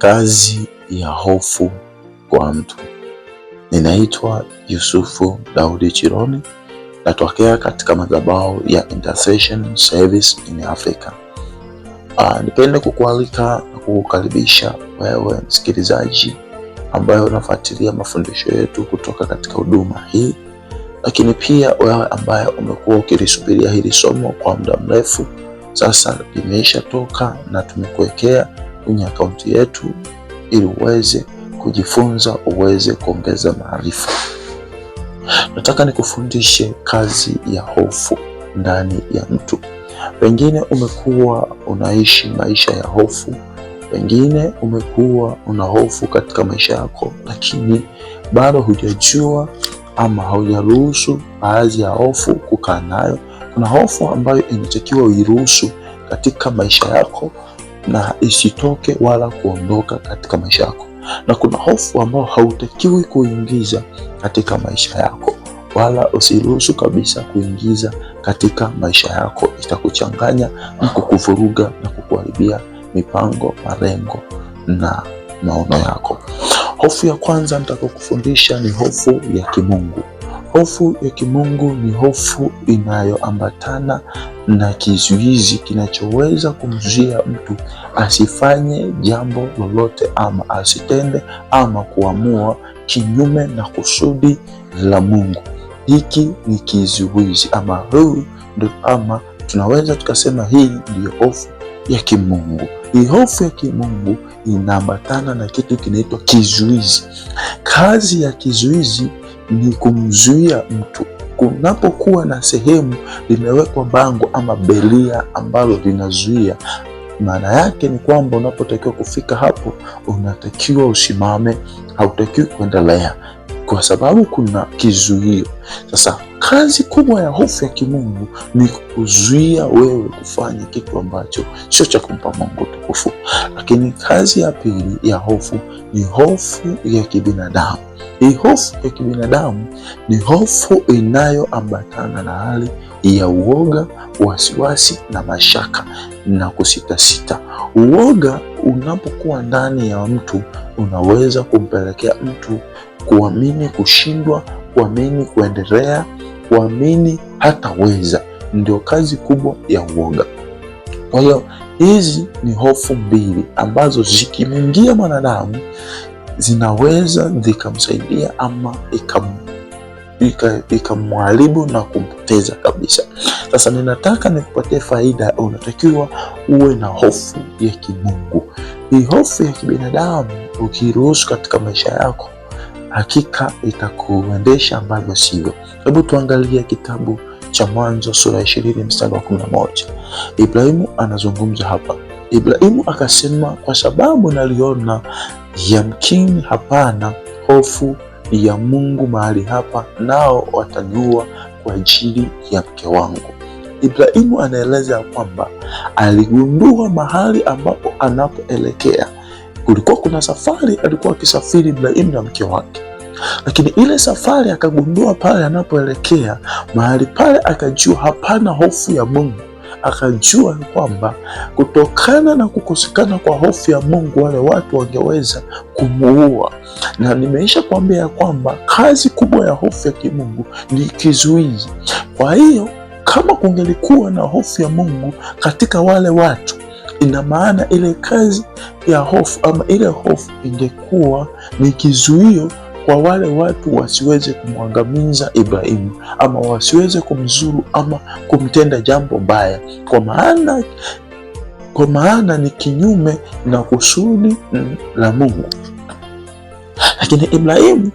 Kazi ya hofu kwa mtu. Ninaitwa Yusufu Daudi Chironi, natokea katika madhabahu ya Intercession Service in Africa. Uh, ah, nipende kukualika na kukukaribisha wewe msikilizaji ambaye unafuatilia mafundisho yetu kutoka katika huduma hii, lakini pia wewe ambaye umekuwa ukilisubiria hili somo kwa muda mrefu, sasa limeisha toka na tumekuwekea kwenye akaunti yetu ili uweze kujifunza, uweze kuongeza maarifa. Nataka nikufundishe kazi ya hofu ndani ya mtu. Pengine umekuwa unaishi maisha ya hofu, pengine umekuwa una hofu katika maisha yako, lakini bado hujajua ama haujaruhusu baadhi ya hofu kukaa nayo. Kuna hofu ambayo inatakiwa uiruhusu katika maisha yako na isitoke wala kuondoka katika maisha yako, na kuna hofu ambayo hautakiwi kuingiza katika maisha yako, wala usiruhusu kabisa kuingiza katika maisha yako. Itakuchanganya na kukuvuruga na kukuharibia mipango, malengo na maono yako. Hofu ya kwanza nitakokufundisha ni hofu ya kimungu. Hofu ya kimungu ni hofu inayoambatana na kizuizi kinachoweza kumzuia mtu asifanye jambo lolote ama asitende ama kuamua kinyume na kusudi la Mungu. Hiki ni kizuizi ama huu ndio, ama tunaweza tukasema hii ndiyo hofu ya kimungu. Hii hofu ya kimungu inaambatana na kitu kinaitwa kizuizi. Kazi ya kizuizi ni kumzuia mtu. Kunapokuwa na sehemu limewekwa bango ama belia ambalo linazuia, maana yake ni kwamba unapotakiwa kufika hapo, unatakiwa usimame, hautakiwi kuendelea kwa sababu kuna kizuio. Sasa kazi kubwa ya hofu ya kimungu ni kuzuia wewe kufanya kitu ambacho sio cha kumpa Mungu tukufu. Lakini kazi ya pili ya hofu ni hofu ya kibinadamu. Hii hofu ya kibinadamu ni hofu inayoambatana na hali ya uoga, wasiwasi na mashaka na kusitasita. Uoga unapokuwa ndani ya mtu unaweza kumpelekea mtu kuamini kushindwa, kuamini kuendelea, kuamini hataweza. Ndio kazi kubwa ya uoga. Kwa hiyo hizi ni hofu mbili ambazo zikimwingia mwanadamu zinaweza zikamsaidia ama ikamharibu na kumpoteza kabisa. Sasa ninataka nikupatie faida, unatakiwa uwe na hofu ya kimungu. Hii hofu ya kibinadamu ukiruhusu katika maisha yako hakika itakuendesha ambavyo sivyo. Hebu tuangalie kitabu cha Mwanzo sura ya ishirini mstari wa kumi na moja. Ibrahimu anazungumza hapa. Ibrahimu akasema, kwa sababu naliona yamkini hapana hofu ya Mungu mahali hapa, nao watajua kwa ajili ya mke wangu. Ibrahimu anaeleza ya kwamba aligundua mahali ambapo anapoelekea kulikuwa kuna safari alikuwa akisafiri Ibrahimu na mke wake, lakini ile safari akagundua pale anapoelekea mahali pale, akajua hapana hofu ya Mungu. Akajua kwamba kutokana na kukosekana kwa hofu ya Mungu wale watu wangeweza kumuua, na nimeisha kuambia ya kwamba kazi kubwa ya hofu ya kimungu ni kizuizi. Kwa hiyo kama kungelikuwa na hofu ya Mungu katika wale watu ina maana ile kazi ya hofu ama ile hofu ingekuwa ni kizuio kwa wale watu wasiweze kumwangamiza Ibrahimu ama wasiweze kumzuru ama kumtenda jambo baya, kwa maana kwa maana ni kinyume na kusudi mm, la Mungu. Lakini Ibrahimu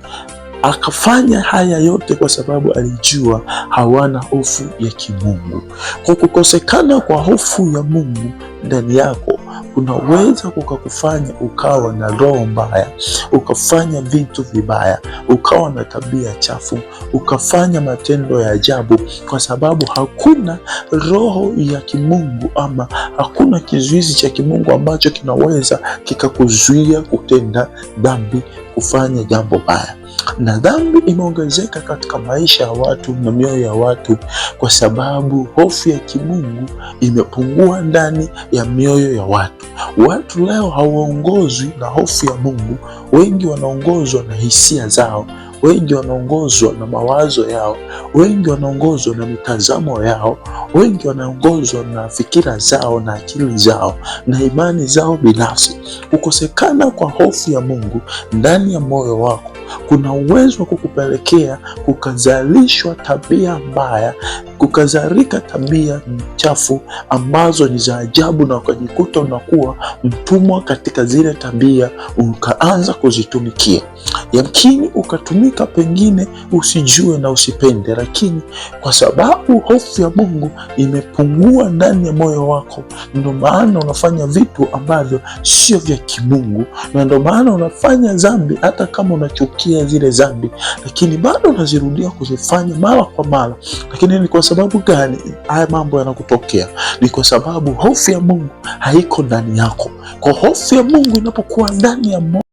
Akafanya haya yote kwa sababu alijua hawana hofu ya kimungu. Kwa kukosekana kwa hofu ya Mungu ndani yako kunaweza kukakufanya ukawa na roho mbaya, ukafanya vitu vibaya, ukawa na tabia chafu, ukafanya matendo ya ajabu, kwa sababu hakuna roho ya kimungu ama hakuna kizuizi cha kimungu ambacho kinaweza kikakuzuia kutenda dhambi, kufanya jambo baya na dhambi imeongezeka katika maisha ya watu na mioyo ya watu, kwa sababu hofu ya kimungu imepungua ndani ya mioyo ya watu. Watu leo hawaongozwi na hofu ya Mungu, wengi wanaongozwa na hisia zao wengi wanaongozwa na mawazo yao, wengi wanaongozwa na mitazamo yao, wengi wanaongozwa na fikira zao na akili zao na imani zao binafsi. Kukosekana kwa hofu ya Mungu ndani ya moyo wako kuna uwezo wa kukupelekea kukazalishwa tabia mbaya, kukazarika tabia chafu ambazo ni za ajabu, na ukajikuta unakuwa mtumwa katika zile tabia, ukaanza kuzitumikia, yamkini ukatumia unatumika, pengine usijue na usipende, lakini kwa sababu hofu ya Mungu imepungua ndani ya moyo wako, ndo maana unafanya vitu ambavyo sio vya kimungu, na ndo maana unafanya dhambi, hata kama unachukia zile dhambi, lakini bado unazirudia kuzifanya mara kwa mara. Lakini ni kwa sababu gani haya mambo yanakutokea? Ni kwa sababu hofu ya Mungu haiko ndani yako. Kwa hofu ya Mungu inapokuwa ndani ya